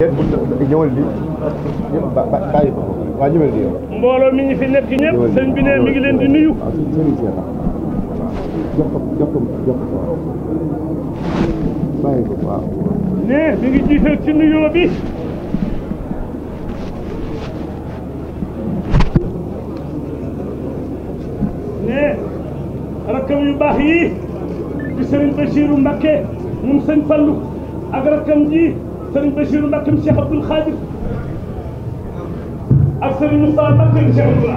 ñëwal mi ngi leen rakkam yu baax yi di sëriñ Bachirou Mbacké moom sëñ Fallou ak rakkam ji. Serigne Bachir Mbacké Cheikh Abdoul Khadir ak Serigne Moustapha Mbacké Cheikh Abdoul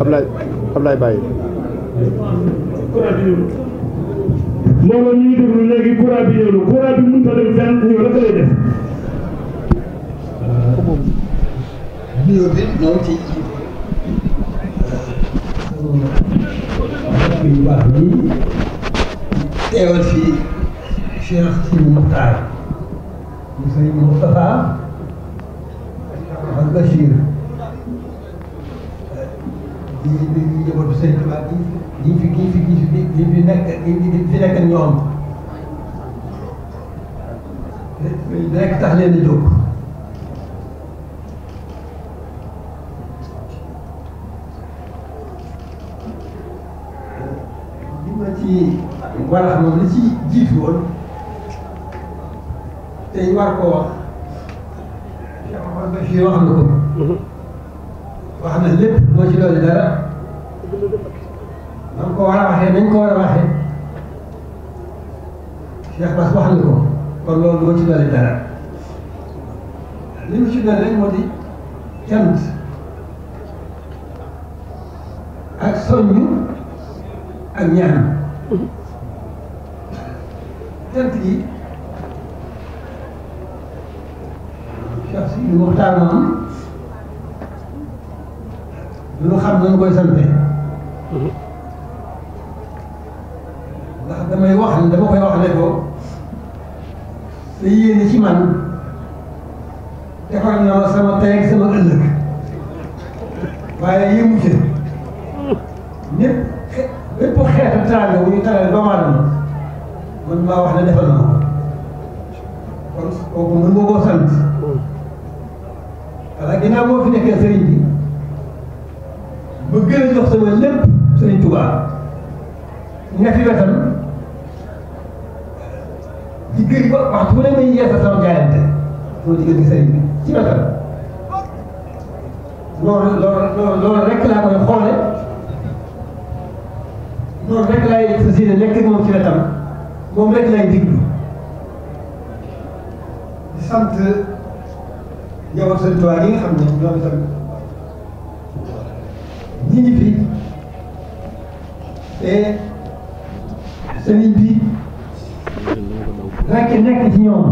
Ablaye Ablaye Baye. Mbooloo ñu ngi déglu léegi courant bi ñëw na courant bi mënut a dem fenn ñëw rek lay def. nuyoo bi noonu ci. teewal fii Cheikh Sidi Moukhtar mu sëriñ Moustapha ak Bachir di di di njabootu sëriñ Tuubaa gi fi gi fi gi fi gi fi nekk gi fi nekk ñoom rek tax leen a jóg ci moo tax moom li ci jiitu woon tey war koo wax fii wax na ko wax na lépp moo ci dolli dara man ko war a waxee nañ ko war a waxee Cheikh Bass wax na ko kon loolu moo ci dolli dara li mu ci dolli rek moo di cant ak soññu ak ñaan cant gi Cheikh si li waxtaanoon lu xam nañu koy sante ndax damay wax ne dama koy wax ne ko sa yéene ci man defar na ma sama tey ak sama ëllëg waaye yéemu ci ñëpp bépp xeetu tànn bu ñu tànnal doomu aadama mën maa wax ne defal na kon kooku mën nga koo sant walla ginnaaw moo fi nekkee sëriñ bi ba gën a jox sama lépp sëriñ Touba ne fi wetam di gër ba waxtu bu ne may yeesa sama jaayante sama diggante sëriñ bi ci wetam loolu loolu loolu rek laa koy xoole loolu rek laay sa sine nekk moom ci wetam moom rek lay diglu di sant njaboot seen toit yi nga xam ne ñoom itam ñi ngi fi te sëriñ bi rek nekk ci ñoom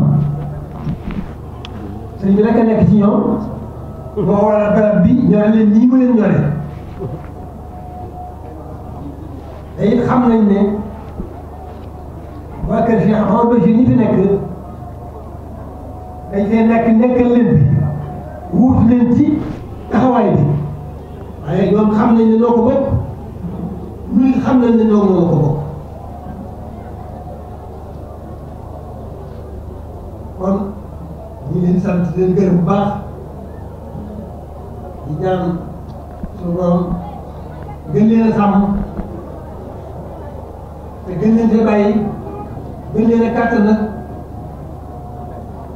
sëriñ bi rek nekk ci ñoom moo waral barab bi ñore leen nii mu leen ñore te it xam waa kër Cheikh Ahmad Bachir ñi fi nekk dañ fee nekk nekkal leen bi wuut leen ci taxawaay bi waaye ñoom xam nañ ne noo ko bokk ñun xam nañ ne ñoom noo ko bokk kon ñu leen sant di leen gërëm bu baax di ñaan suñu borom gën leen a sàmm te gën leen see bàyyi. buñ leen a kàttan nag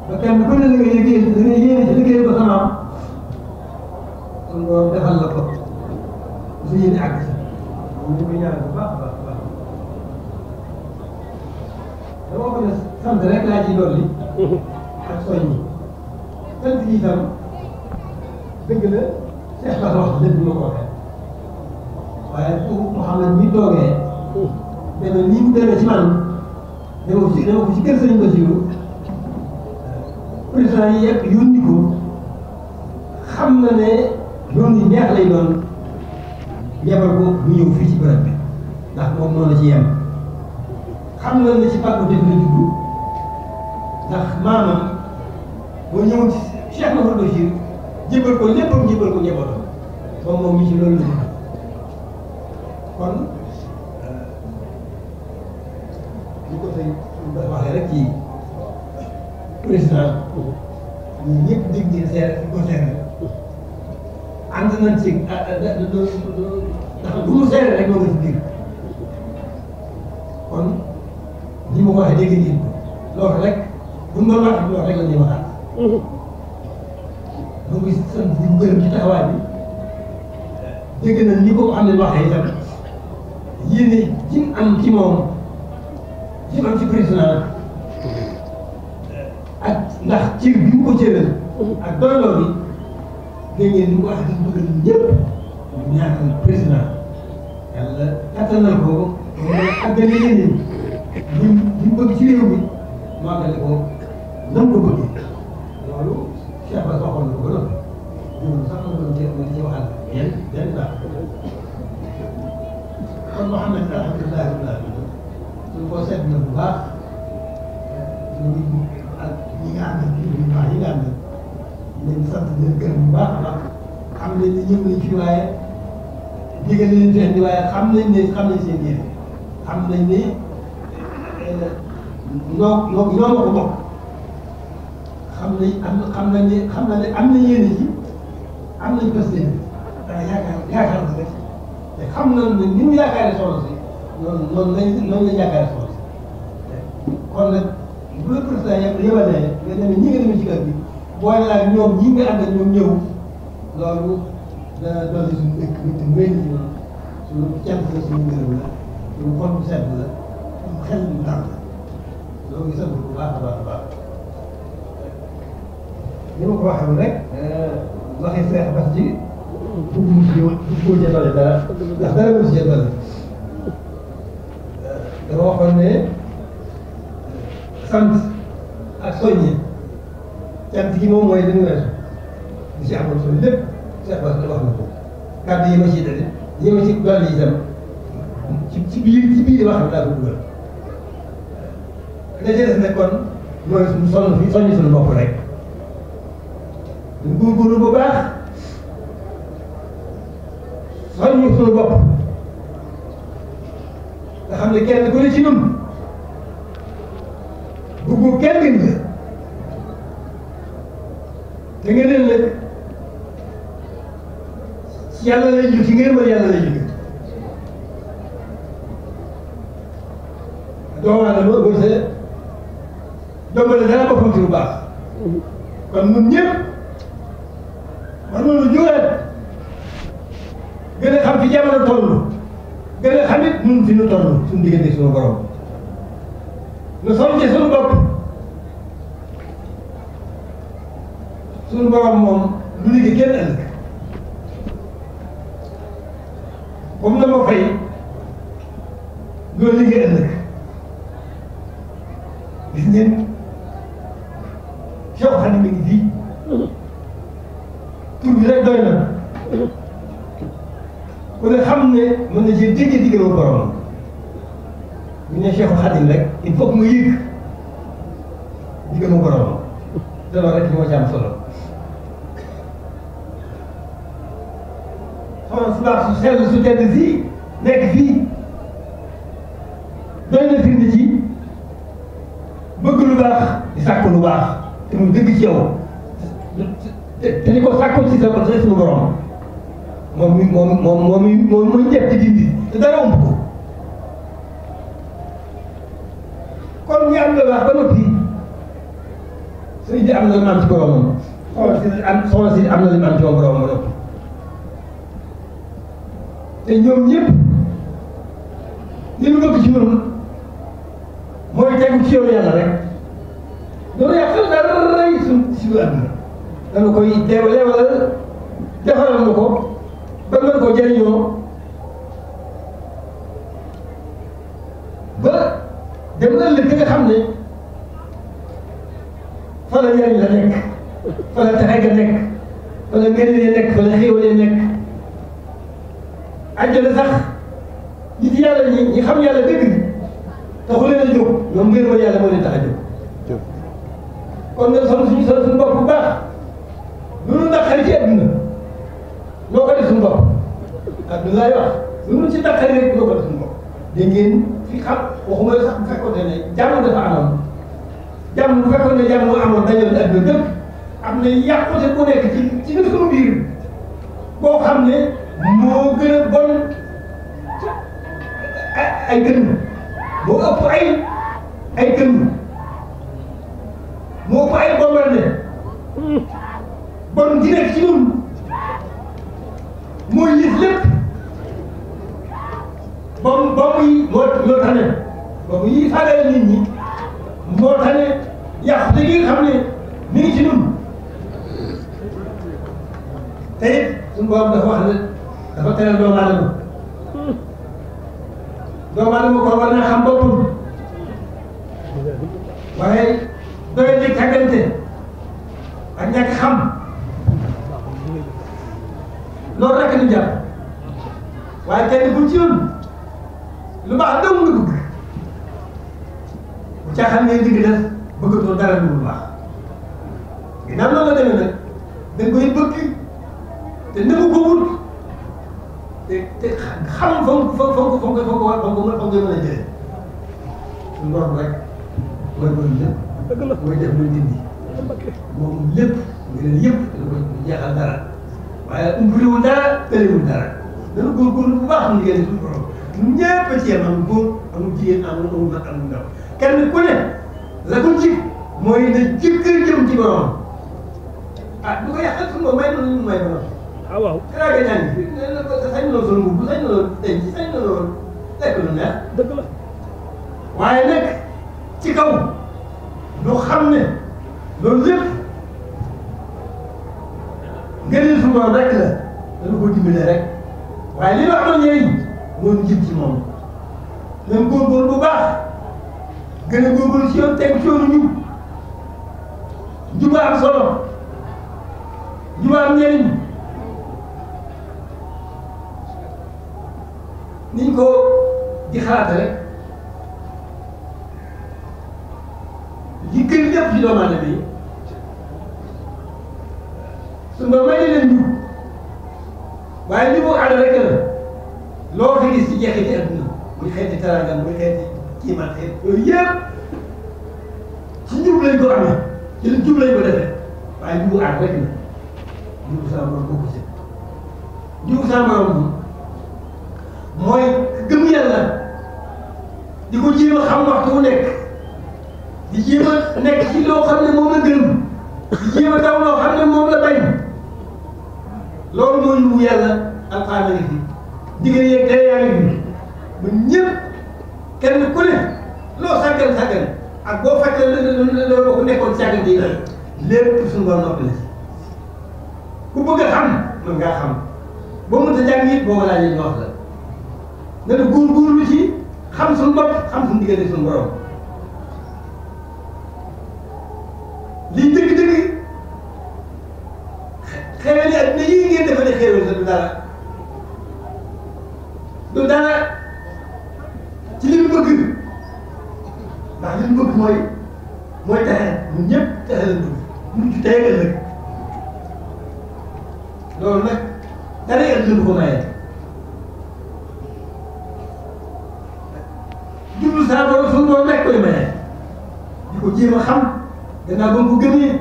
ba kenn ku ne la nga liggéey da nga yéene ci liggéey ba xanaa kon loolu defal la ko su yéene àgg si ñu ngi koy ñaanal bu baax a baax a baax dama ko ne sant rek laa ciy dolli ak soññi sant yi tam dëgg la Cheikh Bass wax lépp ma ko waxee waaye ku Mouhamed mi toogee dana ni man dama ko ci dama ko ci kër Sëriñ Basiru président yi yëpp yónni ko xam na ne yoon yu neex lay doon yebal ko mu ñëw fii ci bërëb bi ndax moom noonu la ci yem xam na ne ci pàggute bi la jublu ndax maamam boo ñëw ci Cheikh Mahmoud Bachir jébal ko léppam jébal ko njabootam moom moom mi ci loolu la ko sëñ waxee rek ci président ñu ñëpp dig ñi seer ko seere ànd nañ ci ah, ah, ndax bu mu rek moo nga ci dig kon ñi ma ko waxee dégg ngeen ko loolu rek bu ñu doon wax loolu rek la ñuy waxaat ñu mm-hmm. ngi sant di gërëm ci taxawaay bi na ni ko xam ne waxee itam yéene jim am ci moom jëmam ci président ak ndax cër bi mu ko cëral ak doyloo bi nga ñeen ñu ko ak di bëgg ñëpp ñu ñaanal président yàlla kattanal ko mu àggale yeneen ñi ñu bëgg ci réew mi mu àggale ko nam ko bëggee weddi waaye xam nañ ne xam nañ seen yéene xam nañ ne ñoo ñoo ñoo ko bokk xam nañ am xam nañ ne xam nañ ne am na yéene ji am nañ bés yéene danga yaakaar yaakaar na rek te xam nañ ne ni mu yaakaaree soxla si noonu noonu lañ noonu lañ yaakaaree soxla si kon nag bu la président yëpp yëbalee nga demee ñi nga demee ci kër gi boole la ak ñoom ñi nga ànd ak ñoom ñëw loolu dana doon suñu dëkk bi te wéy na ci noonu suñu cant la suñu ngërëm la suñu xol bu sedd la suñu xel bu dal la loo ngi sant bu baax a baax a baax ni ma ko waxee rek waxee Seex Bas ji pour mu ji pour mu jëndale dara ndax dara mu jëndale dafa waxoon ne sant ak soññi cant gi moom mooy li mu weesu di si amoon solo lépp Seex Bas wax na ko kàddu yi ma ciy dalee jëme ci dolli itam ci ci biir ci biir wax bi laa ko dugal la ca kon mooy suñu sonn fi soññ bopp rek ñu góorgóorlu bu baax soññ suñu bopp nga xam ne kenn ku ne ci ñun bëggu kenn nga te nga leen yàlla lay jóg ci ngeen wala yàlla lay jóg doomu aadama wërsëg dombale dara boppam ci lu baax kon ñun ñëpp war nañu jógaat gën a xam fi jamono toll gën a xam it ñun fi ñu toll suñu diggante suñu borom ñu sonn ci suñu bopp suñu borom moom du liggéey kenn ëllëg comme dama fay doo liggéey ëllëg gis ngeen Cheikh Xadim mi ngi fii tur bi rek doy na ne xam ne mën na cee dégg digg ne Cheikh Xadim rek il faut que mu yëg digg mu borom te loolu rek solo. soxna su baax su sell su tedd si nekk fii doy na firnde ci bëgg lu di sàkk lu baax te mu dëgg ci yow te te di ko sàkku ci sa ko sa suñu borom moom mi moom moom moom mi moom mooy njëkk ci dindi te dara ump ko kon ñu am la baax na lu si am soxna si am na lu mu am ci boromam te ñoom ñëpp li ñu bëgg mooy tegu ci yow yàlla rek loolu yàqal dara suñ suñu àdduna dana koy deewalee wala defaral na ko ba mën ko jëriñoo ba dem na ëllëg nga xam ne fa la njëriñ la nekk fa la taxe ga nekk fa la ngëneel ya nekk la xéewal àjjana sax nit yàlla ñi ñi xam yàlla dëgg taxu leen a jóg ñoom mbir yàlla moo leen tax a jóg kon nga sonn suñu sonn suñu bopp bu baax lu nu naqari ci àdduna ko def suñu bopp àdduna laay wax lu ci naqari rek noo ko def suñu bopp da ngeen fi xam waxuma la sax bu fekkoon ne jàmm dafa amoon jàmm bu fekkoon ne jàmm moo amoon dajal àdduna dëpp am na yàqute bu nekk ci ci dëkk biir boo xam moo gën a bon ay gën moo ëpp ay ay moo ëpp ay bon wala ne bon di nekk ci ñun mooy yëf lépp moo moo tane ba muy xale moo tane yàq te gi nga mi ngi ci ñun te it dafa wax dafa teel doomu aadama doomu aadama kon war na xam boppam waaye doy di tàggante ak ñàkk xam loolu rek ñu jàpp waaye kenn bu ci yoon lu baax dong nga bëgg bu caaxaan ngay digg def bëggatoo dara lu baax ginnaaw loolu la demee nag dañ koy bëgg te nëbu ko te te xam fa mu fa mu fa mu ko fa mu ko fa mu ko mën a jëlee ngor rek mooy mooy lépp mooy def mooy dindi moom lépp nga leen yëpp da koy jeexal dara waaye umpaliwul dara tëlewul dara dana góorgóorlu bu baax ñu génne suñu borom ñëpp a ci yem am góor amul jigéen amul amul mag amul ndaw kenn ku ne la ko jig mooy na jëkkër jëm ci borom ah du ko yàqal suñu bopp may na lu may borom. ah waaw. sañ na sa nguur sañ na yëpp ci njub lañ ko amee ci njub lañ ko defee waaye njubu aar rek la njubu sama borom bokku ci njubu sama borom mooy gëm yàlla di ko jéem a xam waxtu wu nekk di jéem nekk ci loo xam ne moom la gën di jéem a daw loo la bañ loolu mooy njubu yàlla alxames yi ku ne. loo sàggan sàggan ak boo fàtte loolu ko nekkoon sàggan ji la lépp suñu borom noppi la ku bëgg a xam mën ngaa xam boo mënta jàng it boo laajee ñu wax la nga ne góorgóorlu ci xam suñu bopp xam suñu diggante suñu borom lii dëgg-dëgg xéwal yi ak na yii ngeen defa ne xéwal sa du dara du dara ci li mu bëgg ndax li mu bëgg mooy mooy texe ñun ñëpp texe la bëgg mujj tey ëllëg loolu nag dara ëllëg ko maye. jublu saa borom suñu borom koy maye di ko jéem a xam gannaaw ba mu ko gëmee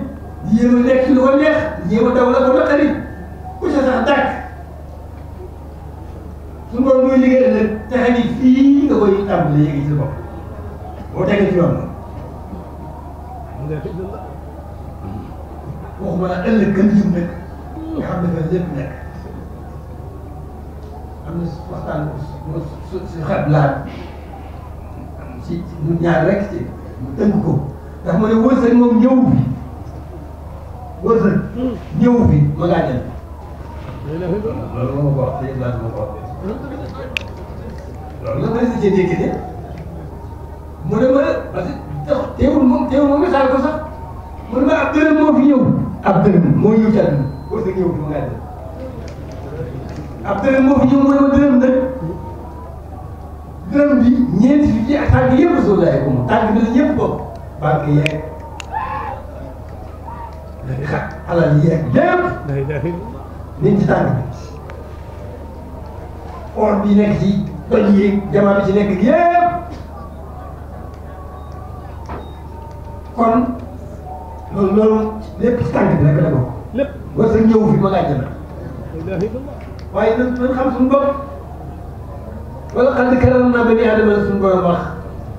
di jéem a nekk ci lu ko neex daw la ko naqari ku ca sax dàkk suñu borom muy liggéey ëllëg texe ni fii nga koy tàmbalee yëngu ci bopp. boo tegee ci yoon waxuma la ëllëg gën jiw nag nga xam ne fa lépp nekk am na waxtaan su su xet laaj ci mu ñaar rek ci mu tënk ko ndax ma ne wërsëg moom ñëw bi wërsëg ñëw ma ngaa jël loolu moo ma ko wax loolu la ma ko wax loolu la ma la si mu ne ma parce que teewul moom teewul moom misaal ko sax mu ne ma ab dërëm moo fi ñëw ab dërëm moo ñëw ci àdduna pour que ñëw fi mu ngaa ab dërëm moo fi ñëw mu ne ma dërëm nag dërëm bi ñeenti fi ci ak tànk yëpp soo laay ko moom tànk bi la ñëpp bokk banque yeeg alal yeeg lépp niñ ci tànk bi or bi nekk ci doj yi jamaa bi ci nekk yëpp kon loolu loolu lépp ci tànk bi rek la bokk. lépp war sa ñëw fi ma laaj la. waaye nan nan xam suñu bopp. wala xam ne karam naa bani aadama la suñu borom wax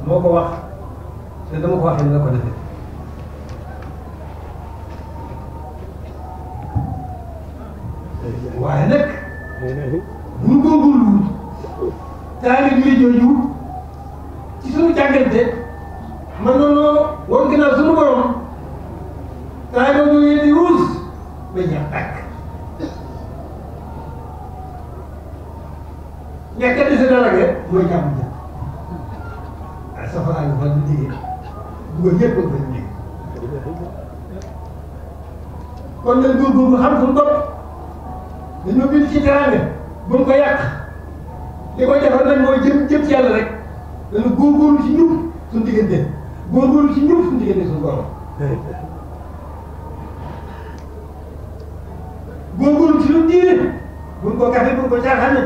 moo ko wax te dama ko waxee ni la ko defee. waaye nag bu ñu góorgóorlu daanaka jugee jooju ci suñu jàngante mën na noo woon ginnaaw suñu borom taay ba ñu yéen di ruus ba ñax tàkk ñàkk a dese dara rek mooy jàmm jëm ah safara yu fan di liggéey dugal ñëpp a bëri liggéey kon nag góorgóorlu xam suñu bopp dañoo bind ci teraanga bu mu ko yàq li ko defar nag mooy jëm jëm ci yàlla rek dañu góorgóorlu ci ñun suñu góorgóorlu ci ñëw suñu diggante suñu borom. góorgóorlu ci lu diine buñ ko kafe buñ ko caaxaane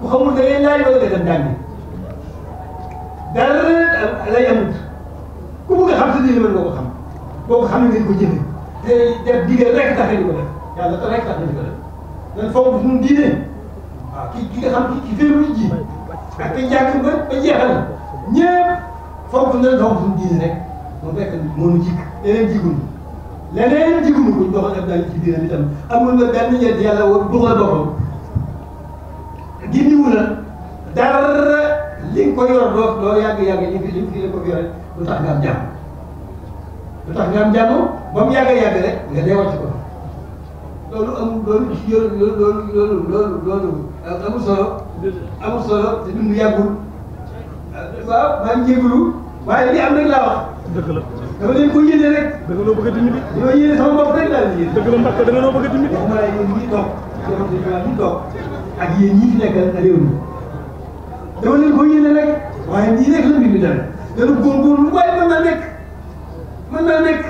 ku xamul da ngay laaj wala nga dem jàngi dara lay amut ku bëgg a xam sa diine mën nga ko xam boo ko xam ngeen ko jëfe te def digal rek tax nañu ko def yàlla rek tax nañu ko def lan foog suñu diine waaw ki ki nga xam ki féeru ji ak ki jàng ba ba jeexal ñëpp fonk nga doon suñu diine rek mu fekk moo ñu jikk leneen jikkuñu leneen jikkuñu ko ñu doxal ak daal ci diine bi tam amul nga benn njëriñ yàlla dugal boppam gindiwu la dara li nga ko yor doo doo yàgg yàgg li nga li nga ko yore lu tax nga am jàmm lu tax nga am jàmm ba mu yàgg yàgg rek nga dee wàcc ko loolu amul loolu ci loolu loolu loolu loolu amul solo amul solo te dund yàggul waaw maa ngi jégalu waaye li am rek laa wax. dëgg la dama leen ko yéene rek. da nga noo bëgg a dimbali. dama yéene sama bopp rek laa leen yéene. dëgg la Mbacke da nga noo bëgg a dimbali. wax nga la yéen ñii toog yéen ñi dañu toog ak yéen ñii fi nekkal réew mi dama leen ko yéene rek waaye nii rek la mbir mi dal dana góorgóorlu waaye mën naa nekk mën naa nekk.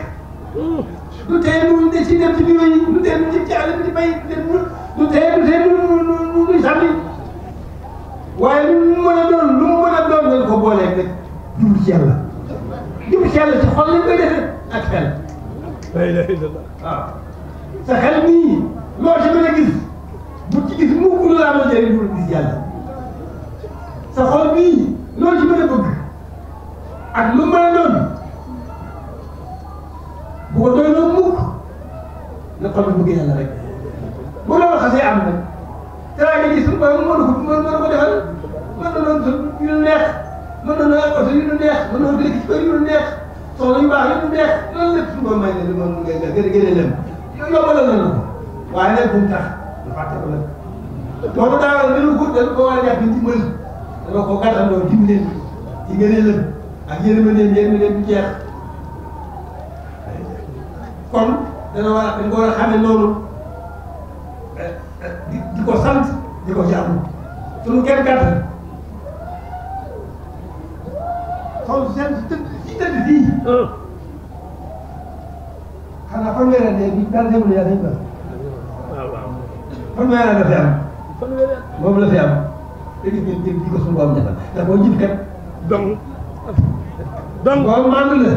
du tee nu de ci dem ci biir yi du tee nu jëm ci àll bi di bay du tee du tee nu nu nu nu sàmmi waaye lu mu mën a doon lu mu mën a doon dañ ko booleeg rek jublu ci yàlla jublu ci xol lañ koy defee ak xel. la sa xel nii loo ci mën a gis bu ci gis mukk laa mën jëriñ lu gis yàlla sa xol bii loo ci mën a bëgg ak lu mu mën a doon bu ko doyloo mukk na xol bi bëgg yàlla rek bu loolu xasee am nag. teraanga ji suñu borom moo ko moo ko ko defal mën na doon suñ yu neex mën na doon oto yu neex mën na doon dëkk ci kër yu neex soxla yu baax yu neex loolu lépp suñu borom may na li moom mu ngay gën a gën a lem yombalal na la ko waaye nag bu mu tax ñu fàtte ko nag boobu daawal gën a gudd dañ ko war a jàpp ci mën dafa ko gàttandoo dimbaleen ci gën a lëm ak yërmandeem yërmandeem du jeex kon dana war a dañ ko war a xamee noonu eh, eh, ko sant di ko jaamu suñu kenn gàtt xool seen si tëdd si tëdd fii ah. xanaa fanweeri at léegi daal demul yaa dañ ko waaw waaw fanweeri at la fi am moom la fi am léegi ngeen jël di ko suñu borom defal ndax boo jib kat donc donc boo mànd la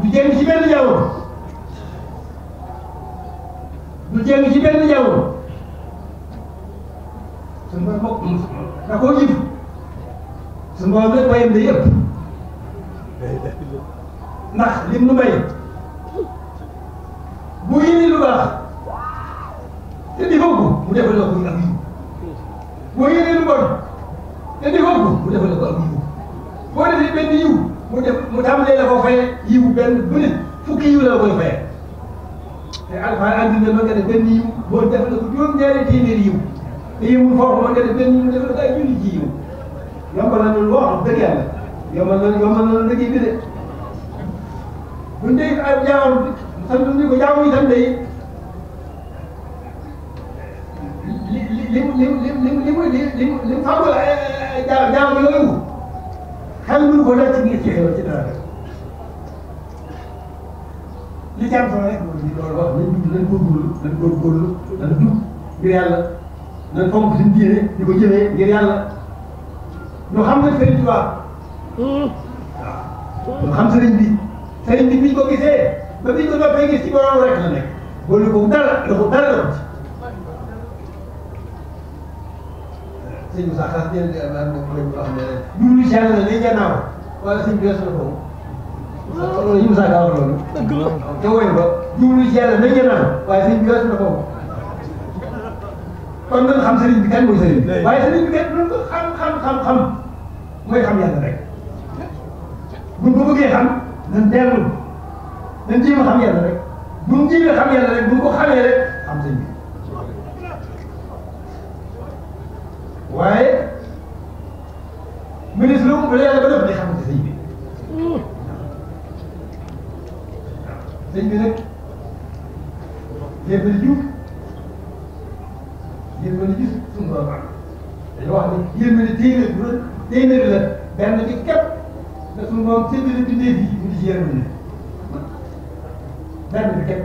du jéng ci benn jaww du jéng ci benn jaww suñu borom bokk da koo jib suñu borom lépp bayam de yëpp ndax lim nu may bu yéene lu baax te di foog mu defal la ko ak yiw boo yéene lu bon te di foog mu defal la ko ak yiw boo defee benn yiw mu def mu tàmbalee la ko fayee yiw benn bu nit fukki yiw la koy fayee te alfa andi na ma nga ne benn yiw boo def la ko juróom-ñaari téeméeri yiw lii mu foofu ma nga def benn ñu defal ay junni ji yi yombal na loolu wax dëgg yàlla yombal na yombal na liggéey bi de buñ dee ay jaamu sant ñu ko jaamu itam day li li li li li li muy li li mu faaw la jaamu jaamu yooyu xel mënu ko def ci biir ci dara li jaamu solo rek loolu wax nañ ko góorgóorlu nañ góorgóorlu nañ dugg ngir yàlla. dañ fonk suñu diine di ko jëfee ngir yàlla ñu xam nga Serigne Touba hmm. waaw ñu xam Serigne bi Serigne bi biñ ko gisee ba biñ ko noppee gis ci borom rek la nekk boole ko dara dafa dara la ci. sëñ Moussa xas jënd di am moom lañ ko xam ne ñu ngi jàng na ne gannaaw wala sëñ bi weesu na ko moom. loolu la ñu Moussa Ka wax loolu. dëgg la te woy ba ñu ngi jàng na gannaaw waaye sëñ bi weesu na ko moom. kon nga xam sëriñ bi kan mooy sëriñ bi waaye sëriñ bi kenn duñ ko xam xam xam xam mooy xam yàlla rek buñ ko bëggee xam nañ dellu nañ jéem a xam yàlla rek buñ jéemee xam yàlla rek buñ ko xamee rek xam sëriñ bi waaye ministre bu la yàlla ba def day xamante sëñ bi sëñ bi nag lépp la jiw yéen mën a gis suñu borom dañoo wax ne yéen mën a téeméer bu la téeméer la benn ci képp te suñu borom séddale bindee fii mu ngi ci yéen mën a benn bi képp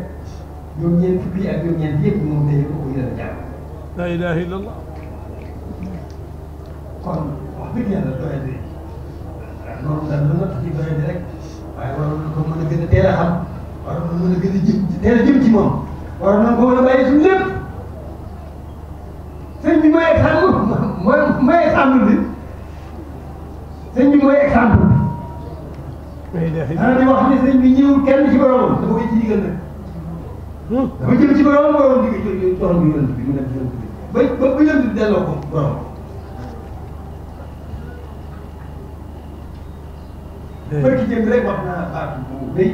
ñoom ñeent fukki ak ñoom ñeent yëpp moom dañoo ko yéen a jàpp. la ilaha illallah. kon wax dëgg yàlla doyal bi noonu daal la natt ci doyal bi rek waaye waroon na ko mën a gën a teel a xam waroon na mën a gën a jëm teel a jëm ci moom waroon na ko mën a bàyyi suñu lépp. sëñ bi mooy exemple mooy mooy exemple bi sëñ bi mooy exemple bi. dana di wax ne sëñ bi ñëwul kenn ci boromam dafa koy ci digal nag. Hmm. dafa jëm ci boromam borom di ko borom bi yonent bi mu nekk yonent bi ba ba ba yonent bi delloo ko borom. barki jëm rek wax naa baat bu rëy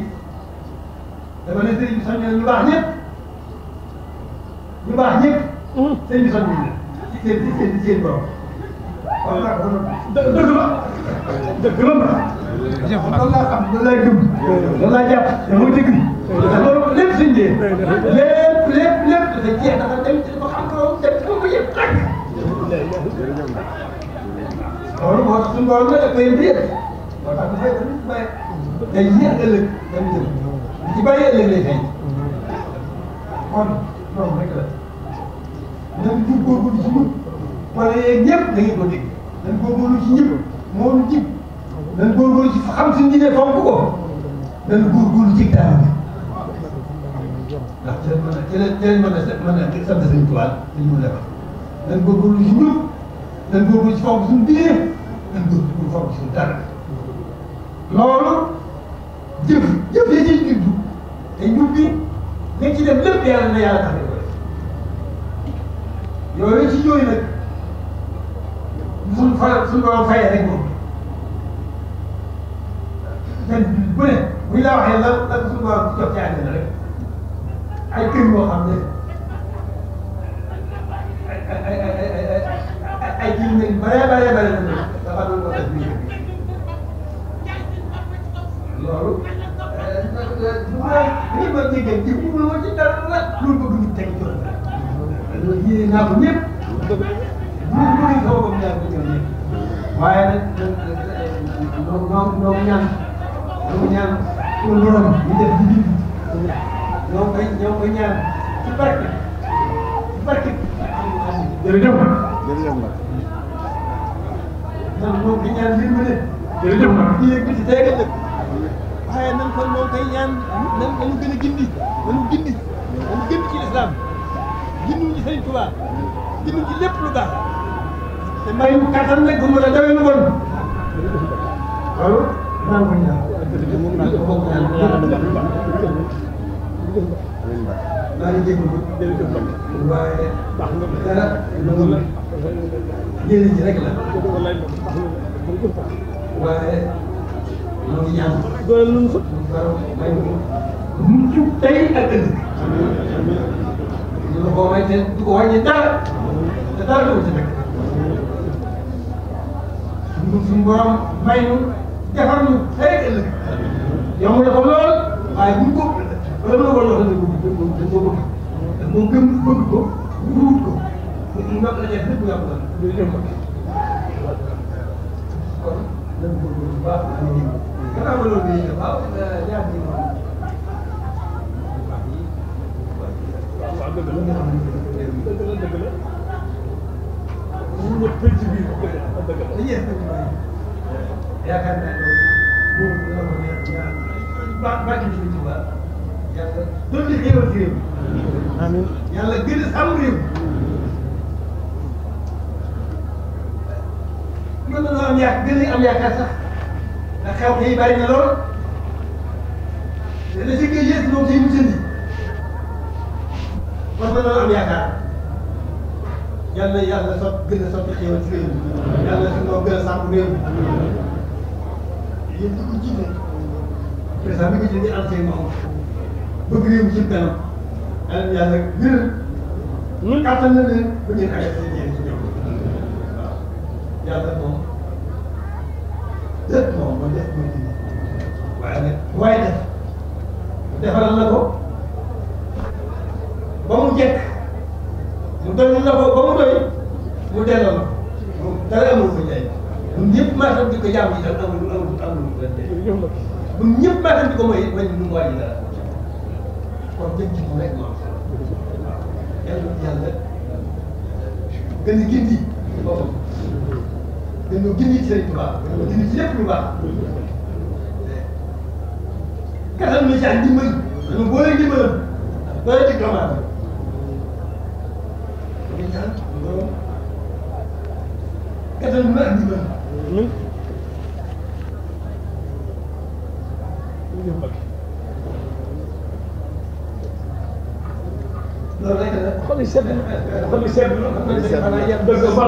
dama ne sëñ bi soññal ñu baax ñëpp ñu baax ñëpp hmm. sëñ bi soññal seen seen seen borom. waaw dë dëgg la dëgg la ma. loolu laa xam loolu laa gëm. loolu laa jàpp dama dëgg. loolu lépp suñ dee. lépp lépp lépp dafa jeex dafa dem ci dafa xam ko dem ci ko ko yëpp rek. loolu moo tax suñu borom la daf lay yëpp. moo tax dafay dañuy bàyyi. day yéex ëllëg dem jëm. li ci bàyyi ëllëg lay fay. kon loolu rek la. na nga góorgóorlu si wala yéen ñëpp da ngeen ko dégg dañ góorgóorlu ci ñëpp moo ñu jib dañ góorgóorlu ci xam suñu diine fonk ko dañ góorgóorlu ci taal bi ndax ci lañ mën a ci lañ mën a sant Sëriñ Tuubaa dañ mën a defal dañ góorgóorlu ci ñëpp dañ góorgóorlu ci fonk suñu diine dañ góorgóorlu fonk suñu taal bi loolu jëf jëf ya ciy juddu te njub bi dañ ci def lépp yàlla na yàlla tax a yooyu ci yooyu nag. suñ fa suñ borom fayee rek moom benn bu ne la waxee lan lan suñ borom di ay kër yoo ne ay ay ay ay ay ay kii yu mel bare bare bare la ñu dafa doon ko def loolu. bu ma li ma déggee ci bu ma ci dara la loolu bëgg ñu teg jox la loolu yéene ñun ñu ngi góob ak ñaar ñëw nekk waaye nag ñoom ñoom ñoom ñaan ñoom ñaan pour borom ñu def di ji ñoom koy ñoom koy ñaan ci barke ci barke. jërëjëf. jërëjëf Mbacke. ndax moom di ñaan mbir mi de. jërëjëf Mbacke. kii yëkkati dégg nga waaye nan kon moom koy ñaan nan nanu gën a gindi nanu gindi nanu gindi ci lislaam gindiwuñu Sëriñ Tuubaa gindiwuñu ci lépp lu baax. te mayu kattan nag gumba la dawee lu bon loolu maa ngi koy ñaan waaye dara loolu njëriñ ji rek la waaye moo ngi ñaan dooleel lu mu fa may mucc tey ak ëllëg ñu ko may te du ko wàññi dara te dara du ko ci fekk ñun suñu borom may ñu defar ñu tey ëllëg yow dafa lool waaye bu ñu ko wala mën a war a jox ëllëg ko bëgg moo gëm bëgg ko wut ko te ñu mbokk la jeex lépp yàqu la loolu yëpp ko kon lan ko bu baax la ñu gannaaw loolu bi waaw ñaar ñi ma waaw dëgg la dëgg la dëgg la yaakaar naa ne moom dina ko ñaan ñaan ba ba ci ci ba yàlla dolli xéewal ci réew amiin yàlla gën a sàmm réew mën na am yaa gën a am yaakaar sax ndax xew xëy bari na lool te la ci gëj yëpp moom tey mu na am yaakaar yàlla yàlla sot gën a sotti xéewal ci réew mi yàlla suñu noo gën a sàmm réew mi yéen ñi ko jiite président bi nga jiite am seen moom bëgg réew mi ci kanam yàlla yàlla gënal ñu kàttan na leen ba ngeen agg seen yéen ci ñoom waaw yàlla moom def moom mooy def mooy dindi waaye nag waaye def defaral na ko ba mu jekk doy na ko ba mu doy mu delloo la moom dara amul ko jaay ñun ñëpp maatam di ko jaamu ji daal amul amul amul lu leen dee ñun ñëpp maatam di ko mooy bañ ñu mu wàññi dara kon jëm ci mu rek moo am solo yàlla yàlla gën a gindi boppam gën a gindi ci Sëriñ Tuubaa gën a gindi ci lépp lu baax kasam na ci ak dimbal dañu boole dimbalam dara ci gamaat boppam gàttal mën a andi ba. loolu rek la xol yi sedd na xol yi sedd na xol yi sedd na xol yi sedd na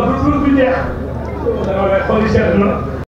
xol yi sedd na